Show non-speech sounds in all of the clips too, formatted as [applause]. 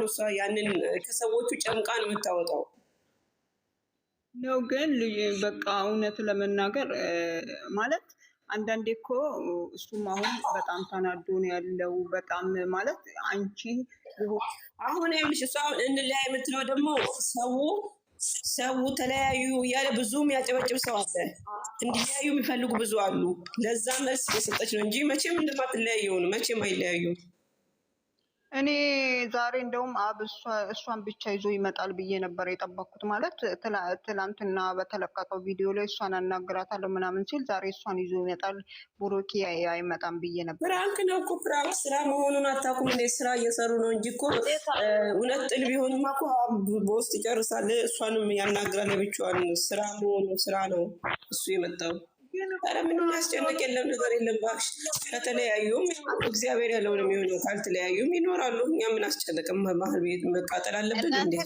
ነው እሷ ያንን ከሰዎቹ ጨምቃ ነው የምታወጣው። ነው ግን በቃ እውነት ለመናገር ማለት አንዳንዴ እኮ እሱም አሁን በጣም ተናዶ ነው ያለው። በጣም ማለት አንቺ አሁን ይኸውልሽ እሷ አሁን እንለያ የምትለው ደግሞ ሰው ሰው ተለያዩ እያለ ብዙም ያጨበጭብ ሰው አለ። እንዲለያዩ የሚፈልጉ ብዙ አሉ። ለዛ መልስ የሰጠች ነው እንጂ መቼም እንደማትለያየው ነው። መቼም አይለያዩም። እኔ ዛሬ እንደውም አብ እሷን ብቻ ይዞ ይመጣል ብዬ ነበር የጠበኩት። ማለት ትላንትና በተለቀቀው ቪዲዮ ላይ እሷን አናግራታለሁ ምናምን ሲል ዛሬ እሷን ይዞ ይመጣል ብሩኬ አይመጣም ብዬ ነበር። ፍራንክ ነው እኮ ፍራንክ ስራ መሆኑን አታውቁም እንዴ? ስራ እየሰሩ ነው እንጂ እኮ እውነት ጥል ቢሆንም እኮ በውስጥ ይጨርሳል። እሷንም ያናግራል ብቻዋን። ስራ መሆኑ ስራ ነው እሱ የመጣው ምንም ያስጨንቅ የለም ነገር የለም። እባክሽ ከተለያዩም እግዚአብሔር ያለው ነው የሚሆነው። ካልተለያዩም ይኖራሉ። እኛ ምን አስጨንቅም። ባህል ቤት መቃጠል አለብን እንዴ?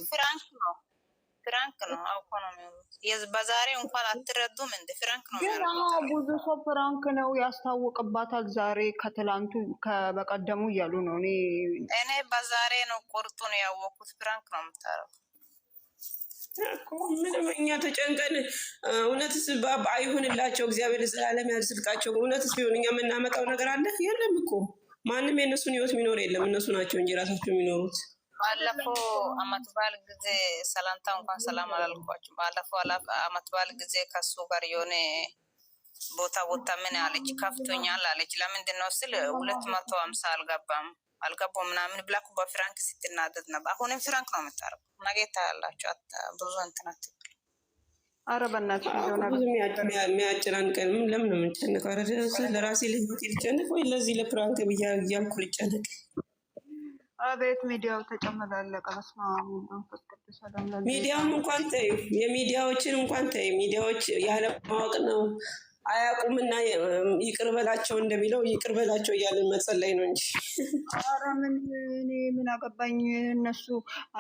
ፍራንክ ነው አውቆ ነው የሚሆኑት። በዛሬው እንኳን አትረዱም እንደ ፍራንክ ነው። ብዙ ሰው ፍራንክ ነው ያስታውቅባታል። ዛሬ ከትላንቱ ከበቀደሙ እያሉ ነው። እኔ እኔ በዛሬ ነው ቁርጡ ነው ያወቅኩት። ፍራንክ ነው የምታረጉት ምንም እኛ ተጨንቀን እውነትስ አይሁንላቸው እግዚአብሔር ዘላለም ያድስልቃቸው። እውነትስ ቢሆን እኛ የምናመጣው ነገር አለ የለም እኮ ማንም የእነሱን ህይወት የሚኖር የለም። እነሱ ናቸው እንጂ ራሳቸው የሚኖሩት። ባለፈው አመት በዓል ጊዜ ሰላምታ እንኳን ሰላም አላልኳቸው። ባለፈው አመት በዓል ጊዜ ከሱ ጋር የሆነ ቦታ ቦታ ምን አለች ከፍቶኛል አለች። ለምንድን ነው ስል ሁለት መቶ አምሳ አልገባም አልገባው ምናምን ብላ ኩባ ፍራንክ ስትናደድ ነበር። አሁንም ፍራንክ ነው የምታረጉ። ነገ ታያላችሁ። ብዙ እንትናት አትበል። ለምን ነው የምንጨነቀው? ኧረ ለራሴ ለህይወት ልጨነቅ ወይ ለዚህ ለፍራንክ ብያ እያልኩ ልጨነቅ አቤት ሚዲያው ተጨመላለቀ። በስመ አብ እንኳን ተዩ፣ የሚዲያዎችን እንኳን ተዩ። ሚዲያዎች ያለማወቅ ነው አያውቁምና ይቅር በላቸው እንደሚለው ይቅር በላቸው እያለን መጸለይ ነው እንጂ ኧረ ምን እኔ ምን አገባኝ። እነሱ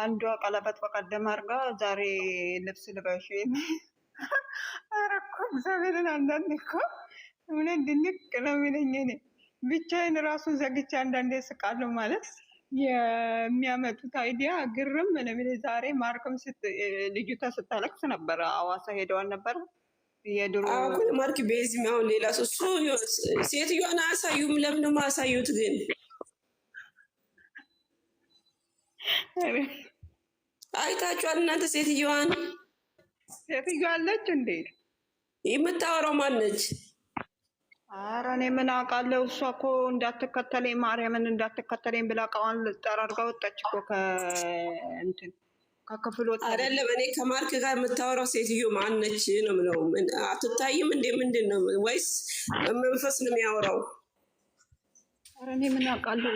አንዷ ቀለበት በቀደም አድርጋ ዛሬ ልብስ ልበሽ። [laughs] ኧረ እኮ እግዚአብሔርን አንዳንዴ እኮ እውነት ድንቅ ነው የሚለኝ። እኔ ብቻዬን ራሱን ዘግቼ አንዳንዴ ስቃለሁ ማለት የሚያመጡት አይዲያ ግርም ዛሬ ማርክም ልጅቷ ስታለቅስ ነበረ። አዋሳ ሄደዋል ነበረ አሁን ማርክ ቤዚም አሁን ሌላ ሶሱ ሴትዮዋን አያሳዩም። ለምን ማያሳዩት ግን አይታችኋል እናንተ ሴትዮዋን። ሴትዮዋ አለች እንዴ? የምታወራው ማነች? ኧረ እኔ ምን አውቃለሁ። እሷ እኮ እንዳትከተለኝ ማርያምን እንዳትከተለኝ ብላ እቃዋን ጠራርጋ ወጣች እኮ ከእንትን ከክፍል ወጣ አይደለም። እኔ ከማርክ ጋር የምታወራው ሴትዮ ማነች ነው የምለው። አትታይም እንዴ? ምንድን ነው ወይስ መንፈስ ነው የሚያወራው? ኧረ እኔ ምን አውቃለሁ።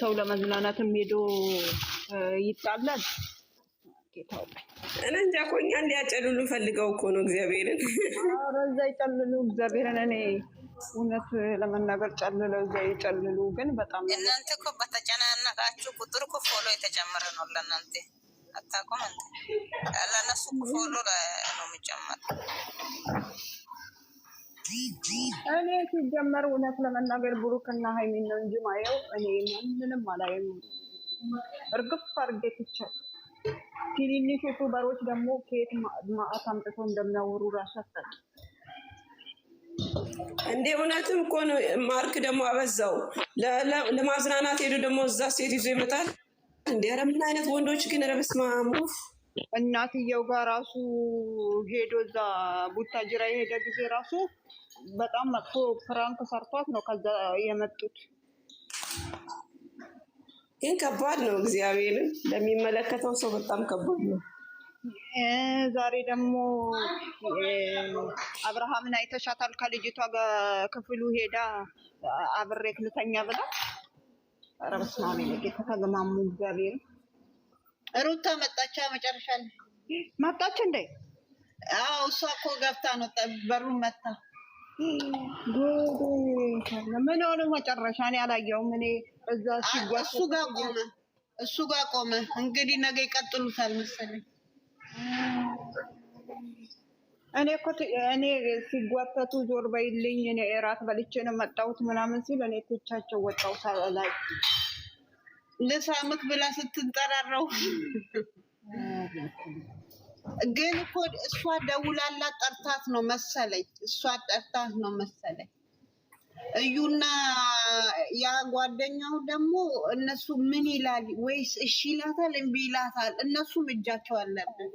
ሰው ለመዝናናት ሄዶ ይጣላል። እኔ እንጃ እኮ እኛ እንዲያጨልሉ ፈልገው እኮ ነው እግዚአብሔርን። ኧረ እዛ ይጨልሉ እግዚአብሔርን። እኔ እውነት ለመናገር ጨልለው እዛ ይጨልሉ። ግን በጣም እናንተ እኮ በተጨናነቃችሁ ቁጥር እኮ ፎሎ የተጨመረ ነው ለእናንተ አታውቅም። ለእነሱ ፎሎ ነው የሚጨመር። እኔ ሲጀመር እውነት ለመናገር ብሩክና ሀይሚን ነው እንጂ ማየው እኔ ምንም አላየም። እርግፍ አድርጌ ትቼው ትንንሽ ዩቱበሮች ደግሞ ከየት ማአት አምጥቶ እንደሚያወሩ ራሱ አታውቅም። እንደ እውነትም እኮ ማርክ ደግሞ አበዛው። ለማዝናናት ሄዱ ደግሞ እዛ ሴት ይዞ ይመጣል። እንዲ ኧረ ምን አይነት ወንዶች ግን! ኧረ በስመ አብ እናትየው ጋር ራሱ ሄዶ እዛ ቡታጅራ የሄደ ጊዜ ራሱ በጣም መጥፎ ፍራንክ ሰርቷት ነው ከዛ የመጡት። ግን ከባድ ነው፣ እግዚአብሔርን ለሚመለከተው ሰው በጣም ከባድ ነው። ዛሬ ደግሞ አብርሃምን አይተሻታል? ከልጅቷ ክፍሉ ሄዳ አብሬ ክልተኛ ብላ ኧረ በስመ አብ ጌታ ተገማሙ እግዚአብሔር። ሩታ መጣች መጨረሻ ላይ መጣች እንዴ? አዎ እሷ እኮ ገብታ ነው በሩን መታ። ምን ሆኑ መጨረሻ? እኔ አላየሁም። እኔ እዛ እሱ ጋር ቆመ፣ እሱ ጋር ቆመ። እንግዲህ ነገ ይቀጥሉታል መሰለኝ እኔ እኮ እኔ ሲጓተቱ በይልኝ፣ እኔ እራት በልቼ ነው መጣሁት ምናምን ሲል እኔ ትቻቸው ወጣው ሳላይ ልሳምክ ብላ ስትንጠራረው [laughs] ግን እኮ እሷ ደውላላ ጠርታት ነው መሰለኝ። እሷ ጠርታት ነው መሰለኝ። እዩና ያ ጓደኛው ደግሞ እነሱ ምን ይላል? ወይስ እሺ ይላታል፣ እምቢ ይላታል። እነሱም እጃቸው አለብን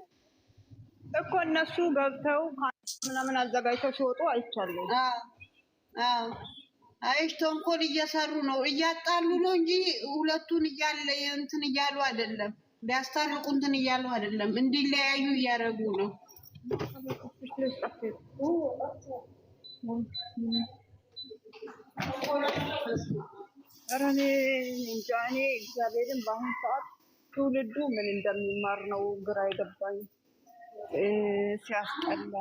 እኮ እነሱ ገብተው ምናምን አዘጋጅተው ሲወጡ አይቻለሁ። አይሽ ተንኮል እየሰሩ ነው፣ እያጣሉ ነው እንጂ ሁለቱን እያለ እንትን እያሉ አይደለም። ሊያስታርቁ እንትን እያሉ አይደለም፣ እንዲለያዩ እያደረጉ ነው። ኧረ እኔ እንጃ። እኔ እግዚአብሔርን በአሁኑ ሰዓት ትውልዱ ምን እንደሚማር ነው ግራ የገባኝ። ሲያስጠላ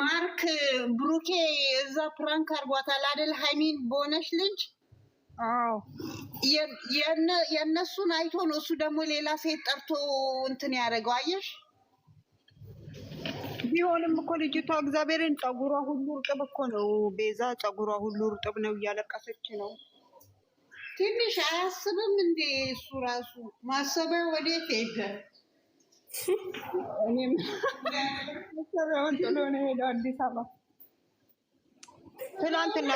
ማርክ ብሩኬ እዛ ፕራንክ አርጓታል አደል ሀይሚን በሆነች ልጅ የእነሱን አይቶ ነው እሱ ደግሞ ሌላ ሴት ጠርቶ እንትን ያደረገው። አየሽ፣ ቢሆንም እኮ ልጅቷ እግዚአብሔርን ጸጉሯ ሁሉ እርጥብ እኮ ነው። ቤዛ ጸጉሯ ሁሉ እርጥብ ነው፣ እያለቀሰች ነው። ትንሽ አያስብም እንዴ እሱ ራሱ ማሰቢያ ወዴት ሄደ? እኔም ሰበውን ጥሎ ነው ሄደው አዲስ አበባ ትላንትና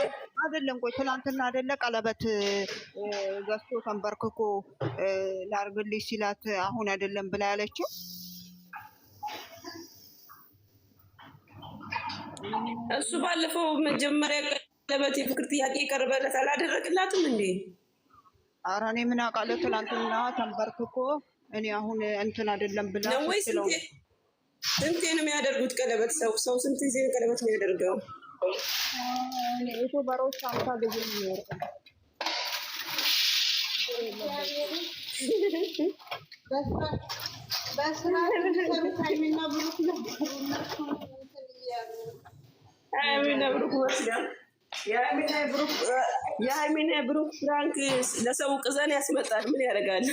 አይደለም፣ ቆይ ትላንትና አይደለ ቀለበት ገዝቶ ተንበርክኮ ላርግልሽ ሲላት አሁን አይደለም ብላ ያለችው። እሱ ባለፈው መጀመሪያ ቀለበት የፍቅር ጥያቄ ይቀርበለት አላደረግላትም እንዴ? ኧረ እኔ ምን አውቃለሁ። ትላንትና ተንበርክኮ እኔ አሁን እንትን አይደለም ብላ ስንቴ ነው የሚያደርጉት ቀለበት? ሰው ሰው ስንት ጊዜ ቀለበት የሚያደርገው? ዩቱበሮች አምሳ ጊዜ የሚያደርገ የሃይሚና ብሩክ ፍራንክ ለሰው ቅዘን ያስመጣል። ምን ያደርጋል?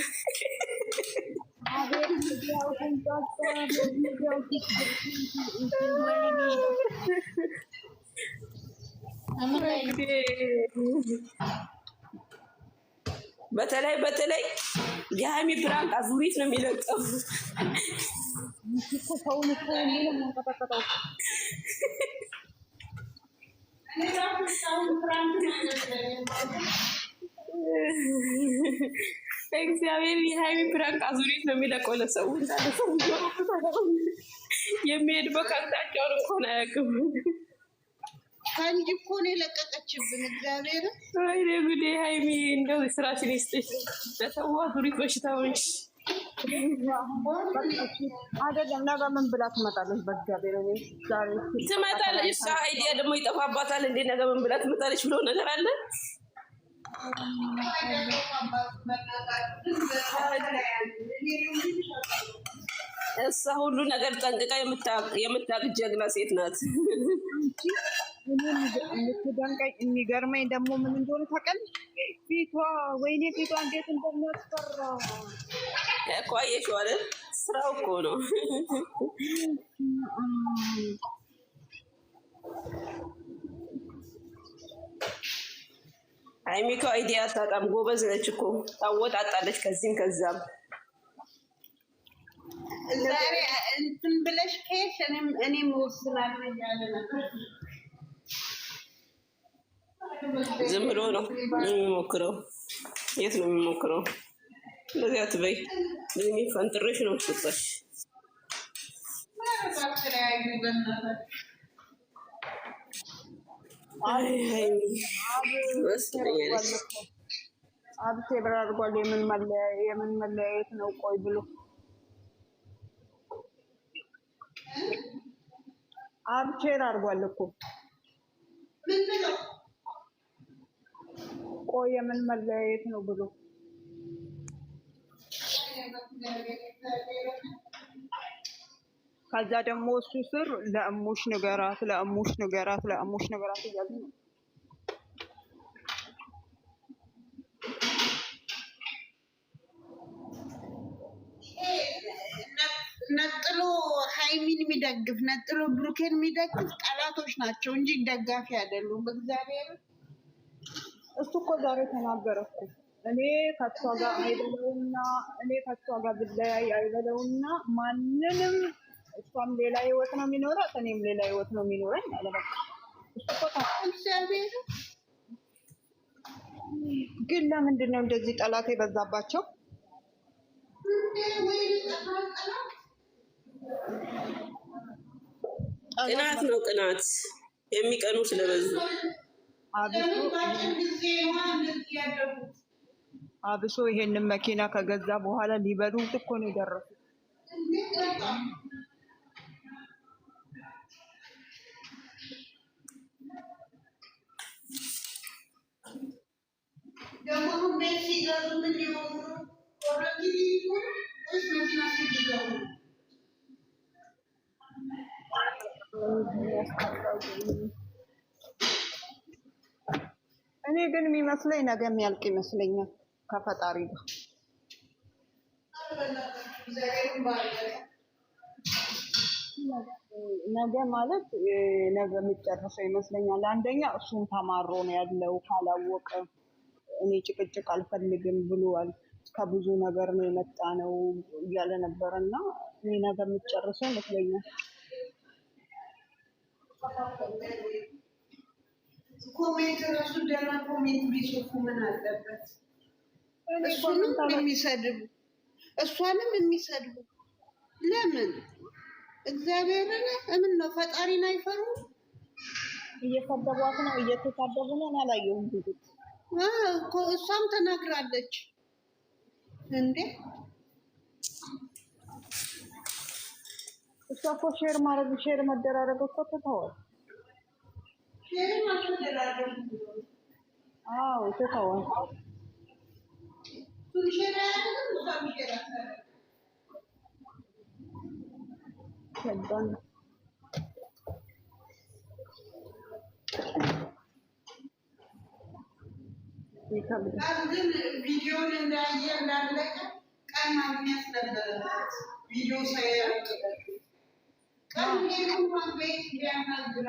በተለይ በተለይ የሀይሚ ፕራንክ አዙሪት ነው የሚለቀው። እግዚአብሔር የሀይሚ ፕራንክ አዙሪት ነው የሚለቀው ሰው የሚሄድበት አቅጣጫውን እንኳን አያውቅም። ሀይሚ እኮ ነው የለቀቀችብን። እግዚአብሔር ወይ ጉዴ! ሀይሚ እንደው ስራችን ይስጥሽ፣ ለሰው አዙሪት በሽታዎች አይደለም። ነገ ምን ብላ ትመጣለች? በእግዚአብሔር ትመጣለች። አይዲያ ደግሞ ይጠፋባታል እንዴ! ነገ ምን ብላ ትመጣለች ብሎ ነገር አለ እሷ ሁሉ ነገር ጠንቅቃ የምታቅ ጀግና ሴት ናት። የምትደንቀኝ የሚገርመኝ ደግሞ ምን እንደሆነ ታውቃለች? ፊቷ ወይኔ ፊቷ እንዴት እንደሚያስፈራ እኮ አየሽው አይደል? ስራው እኮ ነው። አይሚኮ አይዲያ አታጣም። ጎበዝ ነች እኮ ታወጣጣለች። ከዚህም ከዛም ዛሬ እንትን ብለሽ ከሄድሽ እኔም እኔም እያለ ነበር። ዝም ብሎ ነው የሚሞክረው። የት ነው የሚሞክረው? እንደዚህ አትበይ። ፈንጥሬሽ ነው ስጠሽ አብ ቴብር አድርጓል። የምን መለያየት ነው? ቆይ ብሎ አብ አድርጓል እኮ ቆይ የምን መለያየት ነው ብሎ ከዛ ደግሞ እሱ ስር ለእሙሽ ንገራት፣ ለእሙሽ ንገራት፣ ለእሙሽ ንገራት እያሉ ነው። ነጥሎ ሀይሚን የሚደግፍ ነጥሎ ብሩኬን የሚደግፍ ጠላቶች ናቸው እንጂ ደጋፊ አይደሉም። በእግዚአብሔር እሱ እኮ ዛሬ ተናገረኩ እኔ ከሷ ጋር አይበለውና እኔ ከሷ ጋር ብለያይ አይበለውና ማንንም እሷም ሌላ ህይወት ነው የሚኖረው፣ እኔም ሌላ ህይወት ነው የሚኖረኝ አለ። በቃ ግን ለምንድን ነው እንደዚህ ጠላት የበዛባቸው? ቅናት ነው ቅናት፣ የሚቀኑ ስለበዙ አብሶ ይሄንን መኪና ከገዛ በኋላ ሊበሉት እኮ ነው የደረሱት። እኔ ግን የሚመስለኝ ነገ የሚያልቅ ይመስለኛል ከፈጣሪ ጋር ነገ ማለት ነገ የሚጨርሰው ይመስለኛል። አንደኛ እሱም ተማሮ ነው ያለው ካላወቀ እኔ ጭቅጭቅ አልፈልግም ብሏል። ከብዙ ነገር ነው የመጣ ነው እያለ ነበር እና እኔ ነገር የምትጨርሰው ይመስለኛል። ኮሜንት ራሱ ደህና ኮሜንት ቢጽፉ ምን አለበት? እሱንም የሚሰድቡ እሷንም የሚሰድቡ ለምን? እግዚአብሔርን እምን ነው ፈጣሪን አይፈሩም? እየሰደቧት ነው እየተሳደቡ ነው። አላየሁም ብዙ እሷም ተናግራለች እንዴ። እሷ እኮ ሼር ማድረግ ሼር መደራረግ እኮ ትተዋል። አዎ ትተዋል። ሸዳ ግን ቪዲዮን እንዳየ እንዳለቀ ቀን ማግኘት ነበረ። ቪዲዮ ሳያቅ ቀን ቤት እንኳን